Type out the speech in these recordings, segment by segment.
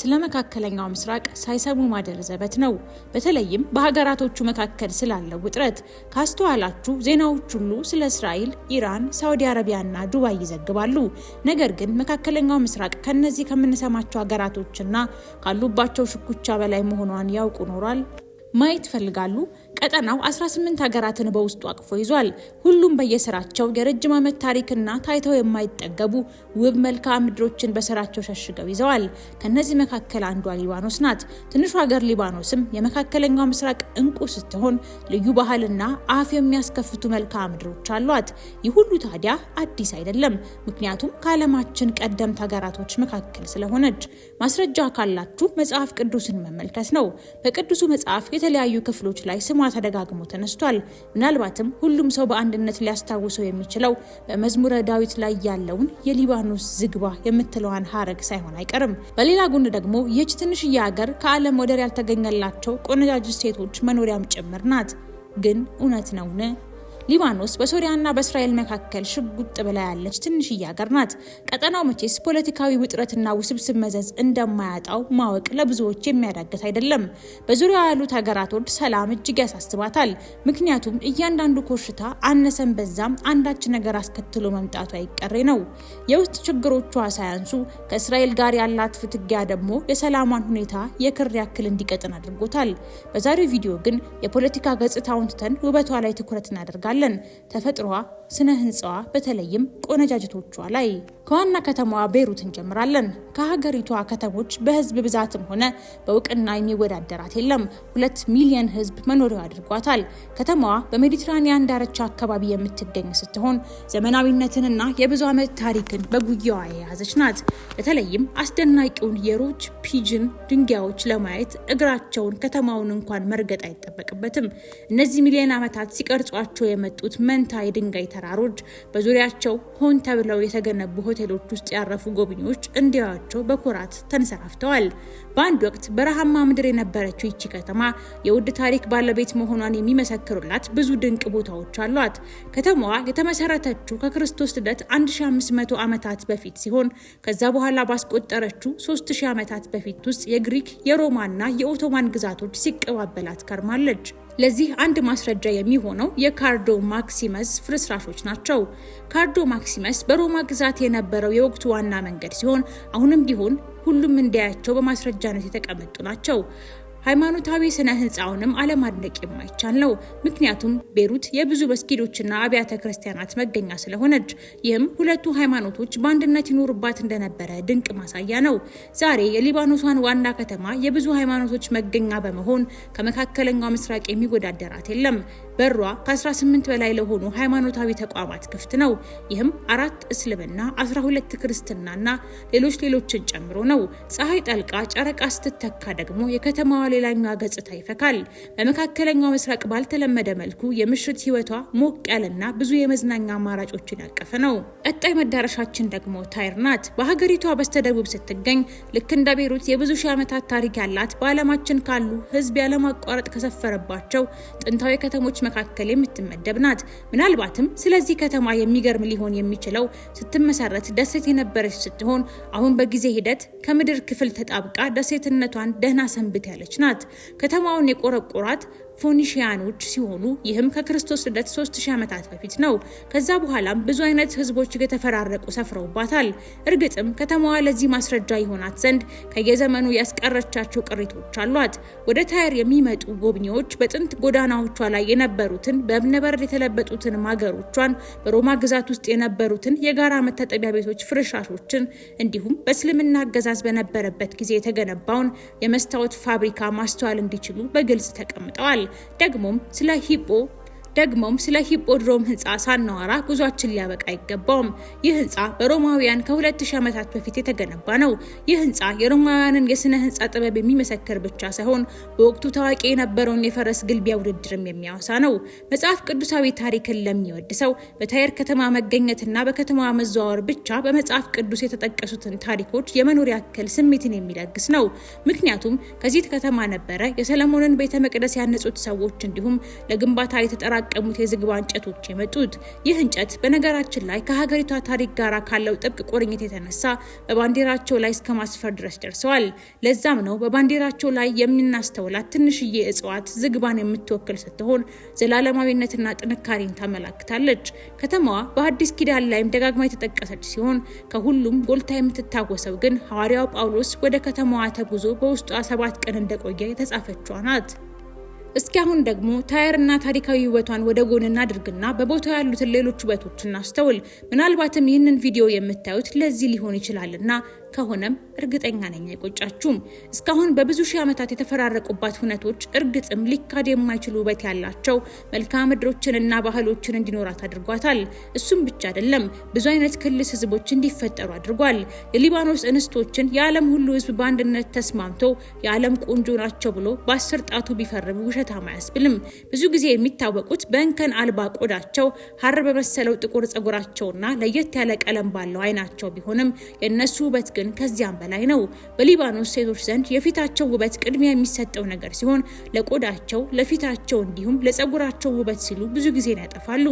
ስለ መካከለኛው ምስራቅ ሳይሰሙ ማደር ዘበት ነው። በተለይም በሀገራቶቹ መካከል ስላለው ውጥረት ካስተዋላችሁ ዜናዎች ሁሉ ስለ እስራኤል፣ ኢራን፣ ሳውዲ አረቢያና ዱባይ ይዘግባሉ። ነገር ግን መካከለኛው ምስራቅ ከእነዚህ ከምንሰማቸው ሀገራቶችና ካሉባቸው ሽኩቻ በላይ መሆኗን ያውቁ ኖሯል? ማየት ይፈልጋሉ። ቀጠናው 18 ሀገራትን በውስጡ አቅፎ ይዟል። ሁሉም በየስራቸው የረጅም ዓመት ታሪክና ታይተው የማይጠገቡ ውብ መልክዓ ምድሮችን በስራቸው ሸሽገው ይዘዋል። ከነዚህ መካከል አንዷ ሊባኖስ ናት። ትንሹ ሀገር ሊባኖስም የመካከለኛው ምስራቅ እንቁ ስትሆን ልዩ ባህልና አፍ የሚያስከፍቱ መልክዓ ምድሮች አሏት። ይህ ሁሉ ታዲያ አዲስ አይደለም፣ ምክንያቱም ከዓለማችን ቀደምት ሀገራቶች መካከል ስለሆነች። ማስረጃ ካላችሁ መጽሐፍ ቅዱስን መመልከት ነው። በቅዱሱ መጽሐፍ በተለያዩ ክፍሎች ላይ ስሟ ተደጋግሞ ተነስቷል። ምናልባትም ሁሉም ሰው በአንድነት ሊያስታውሰው የሚችለው በመዝሙረ ዳዊት ላይ ያለውን የሊባኖስ ዝግባ የምትለዋን ሀረግ ሳይሆን አይቀርም። በሌላ ጎን ደግሞ ይህች ትንሽዬ ሀገር ከዓለም ወደር ያልተገኘላቸው ቆነጃጅት ሴቶች መኖሪያም ጭምር ናት። ግን እውነት ነውን? ሊባኖስ በሶሪያና በእስራኤል መካከል ሽጉጥ ብላ ያለች ትንሽዬ ሀገር ናት። ቀጠናው መቼስ ፖለቲካዊ ውጥረትና ውስብስብ መዘዝ እንደማያጣው ማወቅ ለብዙዎች የሚያዳግት አይደለም። በዙሪያ ያሉት ሀገራት ወድ ሰላም እጅግ ያሳስባታል። ምክንያቱም እያንዳንዱ ኮሽታ አነሰን በዛም አንዳች ነገር አስከትሎ መምጣቱ አይቀሬ ነው። የውስጥ ችግሮቿ ሳያንሱ ከእስራኤል ጋር ያላት ፍትጊያ ደግሞ የሰላሟን ሁኔታ የክር ያክል እንዲቀጥን አድርጎታል። በዛሬው ቪዲዮ ግን የፖለቲካ ገጽታውን ትተን ውበቷ ላይ ትኩረት እናደርጋል። እንችላለን። ተፈጥሯ ስነ ህንፃዋ በተለይም ቆነጃጅቶቿ ላይ ከዋና ከተማዋ ቤይሩት እንጀምራለን። ከሀገሪቷ ከተሞች በህዝብ ብዛትም ሆነ በእውቅና የሚወዳደራት የለም። ሁለት ሚሊዮን ህዝብ መኖሪያው አድርጓታል። ከተማዋ በሜዲትራኒያን ዳርቻ አካባቢ የምትገኝ ስትሆን ዘመናዊነትንና የብዙ ዓመት ታሪክን በጉያዋ የያዘች ናት። በተለይም አስደናቂውን የሮች ፒጅን ድንጋዮች ለማየት እግራቸውን ከተማውን እንኳን መርገጥ አይጠበቅበትም። እነዚህ ሚሊዮን ዓመታት ሲቀርጿቸው የመጡት መንታ የድንጋይ ተራሮች፣ በዙሪያቸው ሆን ተብለው የተገነቡ ሆቴሎች ውስጥ ያረፉ ጎብኚዎች እንዲያዩዋቸው በኩራት ተንሰራፍተዋል። በአንድ ወቅት በረሃማ ምድር የነበረችው ይቺ ከተማ የውድ ታሪክ ባለቤት መሆኗን የሚመሰክሩላት ብዙ ድንቅ ቦታዎች አሏት። ከተማዋ የተመሰረተችው ከክርስቶስ ልደት 1500 ዓመታት በፊት ሲሆን ከዛ በኋላ ባስቆጠረችው 3000 ዓመታት በፊት ውስጥ የግሪክ የሮማና የኦቶማን ግዛቶች ሲቀባበላት ከርማለች። ለዚህ አንድ ማስረጃ የሚሆነው የካርዶ ማክሲመስ ፍርስራሾች ናቸው። ካርዶ ማክሲመስ በሮማ ግዛት የነበረው የወቅቱ ዋና መንገድ ሲሆን አሁንም ቢሆን ሁሉም እንዲያያቸው በማስረጃነት የተቀመጡ ናቸው። ሃይማኖታዊ ስነ ህንፃውንም አለማድነቅ የማይቻል ነው። ምክንያቱም ቤሩት የብዙ መስጊዶችና አብያተ ክርስቲያናት መገኛ ስለሆነች፣ ይህም ሁለቱ ሃይማኖቶች በአንድነት ይኖሩባት እንደነበረ ድንቅ ማሳያ ነው። ዛሬ የሊባኖሷን ዋና ከተማ የብዙ ሃይማኖቶች መገኛ በመሆን ከመካከለኛው ምስራቅ የሚወዳደራት የለም። በሯ ከ18 በላይ ለሆኑ ሃይማኖታዊ ተቋማት ክፍት ነው። ይህም አራት እስልምና፣ 12 ክርስትናና ሌሎች ሌሎችን ጨምሮ ነው። ፀሐይ ጠልቃ ጨረቃ ስትተካ ደግሞ የከተማዋ ሌላኛዋ ገጽታ ይፈካል። በመካከለኛው ምስራቅ ባልተለመደ መልኩ የምሽት ህይወቷ ሞቅ ያለና ብዙ የመዝናኛ አማራጮችን ያቀፈ ነው። ቀጣይ መዳረሻችን ደግሞ ታይር ናት። በሀገሪቷ በስተደቡብ ስትገኝ ልክ እንደ ቤሩት የብዙ ሺህ ዓመታት ታሪክ ያላት በዓለማችን ካሉ ህዝብ ያለማቋረጥ ከሰፈረባቸው ጥንታዊ ከተሞች መካከል የምትመደብ ናት። ምናልባትም ስለዚህ ከተማ የሚገርም ሊሆን የሚችለው ስትመሰረት ደሴት የነበረች ስትሆን አሁን በጊዜ ሂደት ከምድር ክፍል ተጣብቃ ደሴትነቷን ደህና ሰንብት ያለች ናት። ከተማውን የቆረቆራት ፎኒሽያኖች ሲሆኑ ይህም ከክርስቶስ ልደት 3000 ዓመታት በፊት ነው። ከዛ በኋላም ብዙ አይነት ህዝቦች የተፈራረቁ ሰፍረውባታል። እርግጥም ከተማዋ ለዚህ ማስረጃ ይሆናት ዘንድ ከየዘመኑ ያስቀረቻቸው ቅሪቶች አሏት። ወደ ታይር የሚመጡ ጎብኚዎች በጥንት ጎዳናዎቿ ላይ የነበሩትን በእብነበረድ የተለበጡትን ማገሮቿን፣ በሮማ ግዛት ውስጥ የነበሩትን የጋራ መታጠቢያ ቤቶች ፍርሻሾችን፣ እንዲሁም በእስልምና አገዛዝ በነበረበት ጊዜ የተገነባውን የመስታወት ፋብሪካ ማስተዋል እንዲችሉ በግልጽ ተቀምጠዋል። தகமும் சில ஹிப்போ ደግሞም ስለ ሂፖድሮም ህንፃ ሳናወራ ጉዟችን ሊያበቃ አይገባውም። ይህ ህንፃ በሮማውያን ከ2000 ዓመታት በፊት የተገነባ ነው። ይህ ህንፃ የሮማውያንን የስነ ህንፃ ጥበብ የሚመሰክር ብቻ ሳይሆን በወቅቱ ታዋቂ የነበረውን የፈረስ ግልቢያ ውድድርም የሚያወሳ ነው። መጽሐፍ ቅዱሳዊ ታሪክን ለሚወድ ሰው በታየር ከተማ መገኘትና በከተማ መዘዋወር ብቻ በመጽሐፍ ቅዱስ የተጠቀሱትን ታሪኮች የመኖር ያክል ስሜትን የሚለግስ ነው። ምክንያቱም ከዚህ ከተማ ነበረ የሰለሞንን ቤተ መቅደስ ያነጹት ሰዎች እንዲሁም ለግንባታ የተጠራ ከተጠራቀሙት የዝግባ እንጨቶች የመጡት። ይህ እንጨት በነገራችን ላይ ከሀገሪቷ ታሪክ ጋር ካለው ጥብቅ ቁርኝት የተነሳ በባንዲራቸው ላይ እስከ ማስፈር ድረስ ደርሰዋል። ለዛም ነው በባንዲራቸው ላይ የምናስተውላት ትንሽዬ እጽዋት ዝግባን የምትወክል ስትሆን ዘላለማዊነትና ጥንካሬን ታመላክታለች። ከተማዋ በአዲስ ኪዳን ላይም ደጋግማ የተጠቀሰች ሲሆን ከሁሉም ጎልታ የምትታወሰው ግን ሐዋርያው ጳውሎስ ወደ ከተማዋ ተጉዞ በውስጧ ሰባት ቀን እንደቆየ የተጻፈችዋ ናት። እስኪ አሁን ደግሞ ታየርና ታሪካዊ ውበቷን ወደ ጎን እናድርግና በቦታው ያሉትን ሌሎች ውበቶች እናስተውል። ምናልባትም ይህንን ቪዲዮ የምታዩት ለዚህ ሊሆን ይችላልና ከሆነም እርግጠኛ ነኝ አይቆጫችሁም። እስካሁን በብዙ ሺህ ዓመታት የተፈራረቁባት ሁነቶች እርግጥም ሊካድ የማይችል ውበት ያላቸው መልክዓ ምድሮችንና ባህሎችን እንዲኖራት አድርጓታል። እሱም ብቻ አይደለም፣ ብዙ አይነት ክልስ ህዝቦች እንዲፈጠሩ አድርጓል። የሊባኖስ እንስቶችን የዓለም ሁሉ ህዝብ በአንድነት ተስማምቶ የዓለም ቆንጆ ናቸው ብሎ በአስር ጣቱ ቢፈርም ውሸታም አያስብልም። ብዙ ጊዜ የሚታወቁት በእንከን አልባ ቆዳቸው፣ ሀር በመሰለው ጥቁር ጸጉራቸውና ለየት ያለ ቀለም ባለው አይናቸው ቢሆንም የእነሱ ውበት ግን ግን ከዚያም በላይ ነው። በሊባኖስ ሴቶች ዘንድ የፊታቸው ውበት ቅድሚያ የሚሰጠው ነገር ሲሆን ለቆዳቸው፣ ለፊታቸው እንዲሁም ለጸጉራቸው ውበት ሲሉ ብዙ ጊዜ ያጠፋሉ።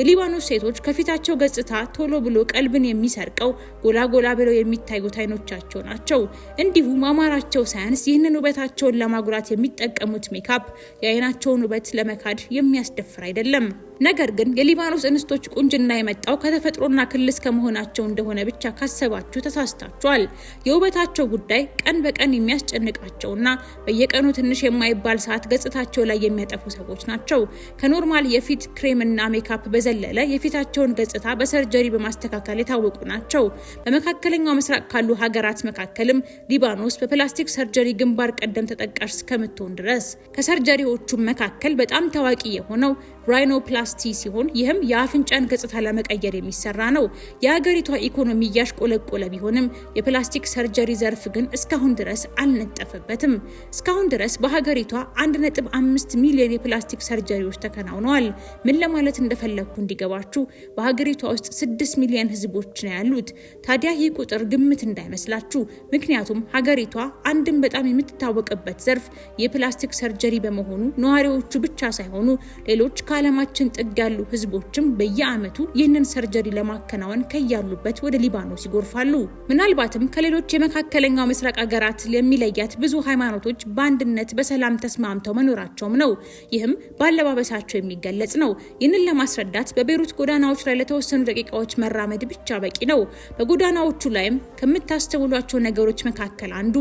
የሊባኖስ ሴቶች ከፊታቸው ገጽታ ቶሎ ብሎ ቀልብን የሚሰርቀው ጎላ ጎላ ብለው የሚታዩት አይኖቻቸው ናቸው። እንዲሁም አማራቸው ሳያንስ ይህንን ውበታቸውን ለማጉላት የሚጠቀሙት ሜካፕ የአይናቸውን ውበት ለመካድ የሚያስደፍር አይደለም። ነገር ግን የሊባኖስ እንስቶች ቁንጅና የመጣው ከተፈጥሮና ክልስ ከመሆናቸው እንደሆነ ብቻ ካሰባችሁ ተሳስታችኋል። የውበታቸው ጉዳይ ቀን በቀን የሚያስጨንቃቸውና በየቀኑ ትንሽ የማይባል ሰዓት ገጽታቸው ላይ የሚያጠፉ ሰዎች ናቸው። ከኖርማል የፊት ክሬምና ሜካፕ በዘለለ የፊታቸውን ገጽታ በሰርጀሪ በማስተካከል የታወቁ ናቸው። በመካከለኛው ምስራቅ ካሉ ሀገራት መካከልም ሊባኖስ በፕላስቲክ ሰርጀሪ ግንባር ቀደም ተጠቃሽ እስከምትሆን ድረስ ከሰርጀሪዎቹም መካከል በጣም ታዋቂ የሆነው ራይኖፕላስቲ ሲሆን ይህም የአፍንጫን ገጽታ ለመቀየር የሚሰራ ነው። የሀገሪቷ ኢኮኖሚ እያሽቆለቆለ ቢሆንም የፕላስቲክ ሰርጀሪ ዘርፍ ግን እስካሁን ድረስ አልነጠፈበትም። እስካሁን ድረስ በሀገሪቷ 1.5 ሚሊዮን የፕላስቲክ ሰርጀሪዎች ተከናውነዋል። ምን ለማለት እንደፈለግኩ እንዲገባችሁ በሀገሪቷ ውስጥ 6 ሚሊዮን ህዝቦች ነው ያሉት። ታዲያ ይህ ቁጥር ግምት እንዳይመስላችሁ፣ ምክንያቱም ሀገሪቷ አንድም በጣም የምትታወቅበት ዘርፍ የፕላስቲክ ሰርጀሪ በመሆኑ ነዋሪዎቹ ብቻ ሳይሆኑ ሌሎች ከዓለማችን ጥግ ያሉ ህዝቦችም በየዓመቱ ይህንን ሰርጀሪ ለማከናወን ከያሉበት ወደ ሊባኖስ ይጎርፋሉ። ምናልባትም ከሌሎች የመካከለኛው ምስራቅ ሀገራት የሚለያት ብዙ ሃይማኖቶች በአንድነት በሰላም ተስማምተው መኖራቸውም ነው። ይህም በአለባበሳቸው የሚገለጽ ነው። ይህንን ለማስረዳት በቤሩት ጎዳናዎች ላይ ለተወሰኑ ደቂቃዎች መራመድ ብቻ በቂ ነው። በጎዳናዎቹ ላይም ከምታስተውሏቸው ነገሮች መካከል አንዱ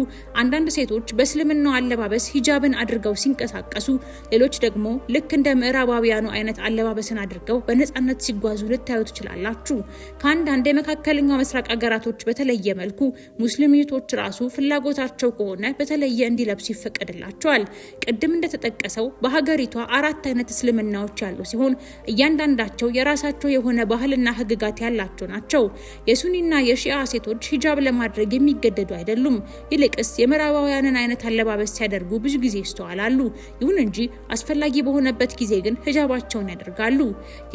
አንዳንድ ሴቶች በእስልምናው አለባበስ ሂጃብን አድርገው ሲንቀሳቀሱ፣ ሌሎች ደግሞ ልክ እንደ ምዕራባውያኑ የመካኑ አይነት አለባበስን አድርገው በነፃነት ሲጓዙ ልታዩ ትችላላችሁ። ከአንዳንድ የመካከለኛው ምስራቅ ሀገራቶች በተለየ መልኩ ሙስሊም ይቶች ራሱ ፍላጎታቸው ከሆነ በተለየ እንዲለብሱ ይፈቀድላቸዋል። ቅድም እንደተጠቀሰው በሀገሪቷ አራት አይነት እስልምናዎች ያሉ ሲሆን እያንዳንዳቸው የራሳቸው የሆነ ባህልና ህግጋት ያላቸው ናቸው። የሱኒና የሺአ ሴቶች ሂጃብ ለማድረግ የሚገደዱ አይደሉም። ይልቅስ የምዕራባውያንን አይነት አለባበስ ሲያደርጉ ብዙ ጊዜ ይስተዋላሉ። ይሁን እንጂ አስፈላጊ በሆነበት ጊዜ ግን ሂጃብ ሂጃባቸውን ያደርጋሉ።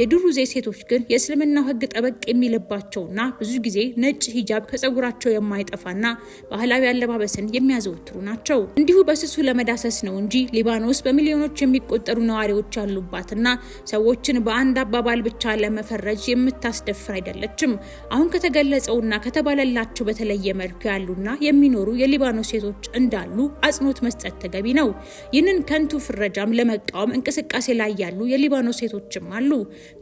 የዱሩዜ ሴቶች ግን የእስልምናው ህግ ጠበቅ የሚልባቸውና ብዙ ጊዜ ነጭ ሂጃብ ከጸጉራቸው የማይጠፋና ባህላዊ አለባበስን የሚያዘወትሩ ናቸው። እንዲሁ በስሱ ለመዳሰስ ነው እንጂ ሊባኖስ በሚሊዮኖች የሚቆጠሩ ነዋሪዎች ያሉባትና ሰዎችን በአንድ አባባል ብቻ ለመፈረጅ የምታስደፍር አይደለችም። አሁን ከተገለጸውና ከተባለላቸው በተለየ መልኩ ያሉና የሚኖሩ የሊባኖስ ሴቶች እንዳሉ አጽንኦት መስጠት ተገቢ ነው። ይህንን ከንቱ ፍረጃም ለመቃወም እንቅስቃሴ ላይ ያሉ የሊባኖስ ሴቶችም አሉ።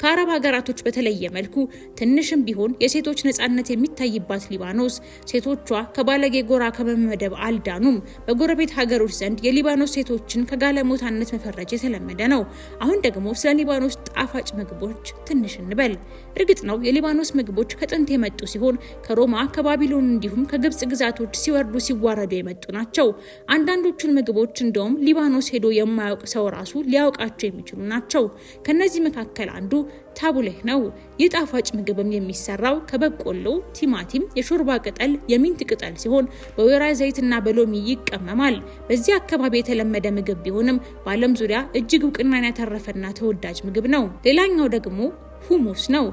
ከአረብ ሀገራቶች በተለየ መልኩ ትንሽም ቢሆን የሴቶች ነጻነት የሚታይባት ሊባኖስ ሴቶቿ ከባለጌ ጎራ ከመመደብ አልዳኑም። በጎረቤት ሀገሮች ዘንድ የሊባኖስ ሴቶችን ከጋለሞታነት መፈረጅ የተለመደ ነው። አሁን ደግሞ ስለ ሊባኖስ ጣፋጭ ምግቦች ትንሽ እንበል። እርግጥ ነው የሊባኖስ ምግቦች ከጥንት የመጡ ሲሆን ከሮማ ከባቢሎን፣ እንዲሁም ከግብጽ ግዛቶች ሲወርዱ ሲዋረዱ የመጡ ናቸው። አንዳንዶቹን ምግቦች እንደውም ሊባኖስ ሄዶ የማያውቅ ሰው ራሱ ሊያውቃቸው የሚችሉ ናቸው። ከነዚህ መካከል አንዱ ታቡሌህ ነው። ይህ ጣፋጭ ምግብም የሚሰራው ከበቆሎ፣ ቲማቲም፣ የሾርባ ቅጠል፣ የሚንት ቅጠል ሲሆን በወይራ ዘይትና በሎሚ ይቀመማል። በዚህ አካባቢ የተለመደ ምግብ ቢሆንም በዓለም ዙሪያ እጅግ እውቅናን ያተረፈና ተወዳጅ ምግብ ነው። ሌላኛው ደግሞ ሁሙስ ነው።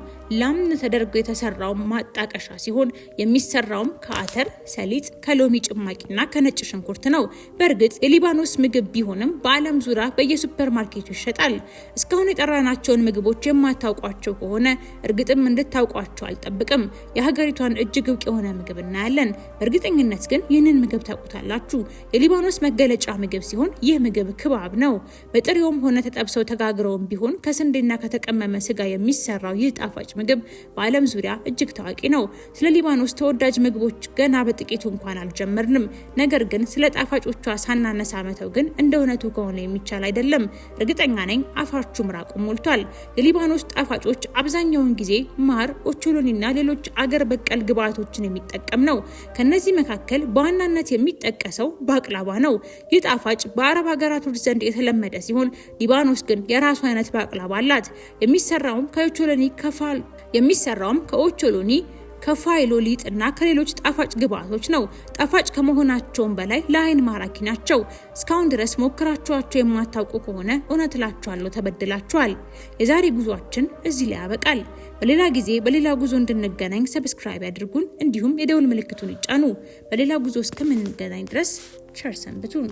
ላምን ተደርጎ የተሰራው ማጣቀሻ ሲሆን የሚሰራውም ከአተር፣ ሰሊጥ፣ ከሎሚ ጭማቂና ከነጭ ሽንኩርት ነው። በእርግጥ የሊባኖስ ምግብ ቢሆንም በዓለም ዙሪያ በየሱፐር ማርኬቱ ይሸጣል። እስካሁን የጠራናቸውን ምግቦች የማታውቋቸው ከሆነ እርግጥም እንድታውቋቸው አልጠብቅም። የሀገሪቷን እጅግ እውቅ የሆነ ምግብ እናያለን። በእርግጠኝነት ግን ይህንን ምግብ ታውቁታላችሁ። የሊባኖስ መገለጫ ምግብ ሲሆን ይህ ምግብ ክባብ ነው። በጥሬውም ሆነ ተጠብሰው ተጋግረውም ቢሆን ከስንዴና ከተቀመመ ስጋ የሚሰራው ይህ ጣፋጭ ምግብ በዓለም ዙሪያ እጅግ ታዋቂ ነው። ስለ ሊባኖስ ተወዳጅ ምግቦች ገና በጥቂቱ እንኳን አልጀመርንም። ነገር ግን ስለ ጣፋጮቿ ሳናነሳ መተው ግን እንደ እውነቱ ከሆነ የሚቻል አይደለም። እርግጠኛ ነኝ አፋችሁ ምራቁ ሞልቷል። የሊባኖስ ጣፋጮች አብዛኛውን ጊዜ ማር፣ ኦቾሎኒና ሌሎች አገር በቀል ግብዓቶችን የሚጠቀም ነው። ከነዚህ መካከል በዋናነት የሚጠቀሰው ባቅላባ ነው። ይህ ጣፋጭ በአረብ ሀገራቶች ዘንድ የተለመደ ሲሆን ሊባኖስ ግን የራሱ አይነት ባቅላባ አላት። የሚሰራውም ከኦቾሎኒ ከፋል አይደለም። የሚሰራውም ከኦቾሎኒ ከፋይሎ ሊጥ እና ከሌሎች ጣፋጭ ግብዓቶች ነው። ጣፋጭ ከመሆናቸውም በላይ ለአይን ማራኪ ናቸው። እስካሁን ድረስ ሞክራችኋቸው የማታውቁ ከሆነ እውነት እላችኋለሁ ተበድላችኋል። የዛሬ ጉዟችን እዚህ ላይ ያበቃል። በሌላ ጊዜ በሌላ ጉዞ እንድንገናኝ ሰብስክራይብ ያድርጉን፣ እንዲሁም የደውል ምልክቱን ይጫኑ። በሌላ ጉዞ እስከምንገናኝ ድረስ ቸር ሰንብቱን።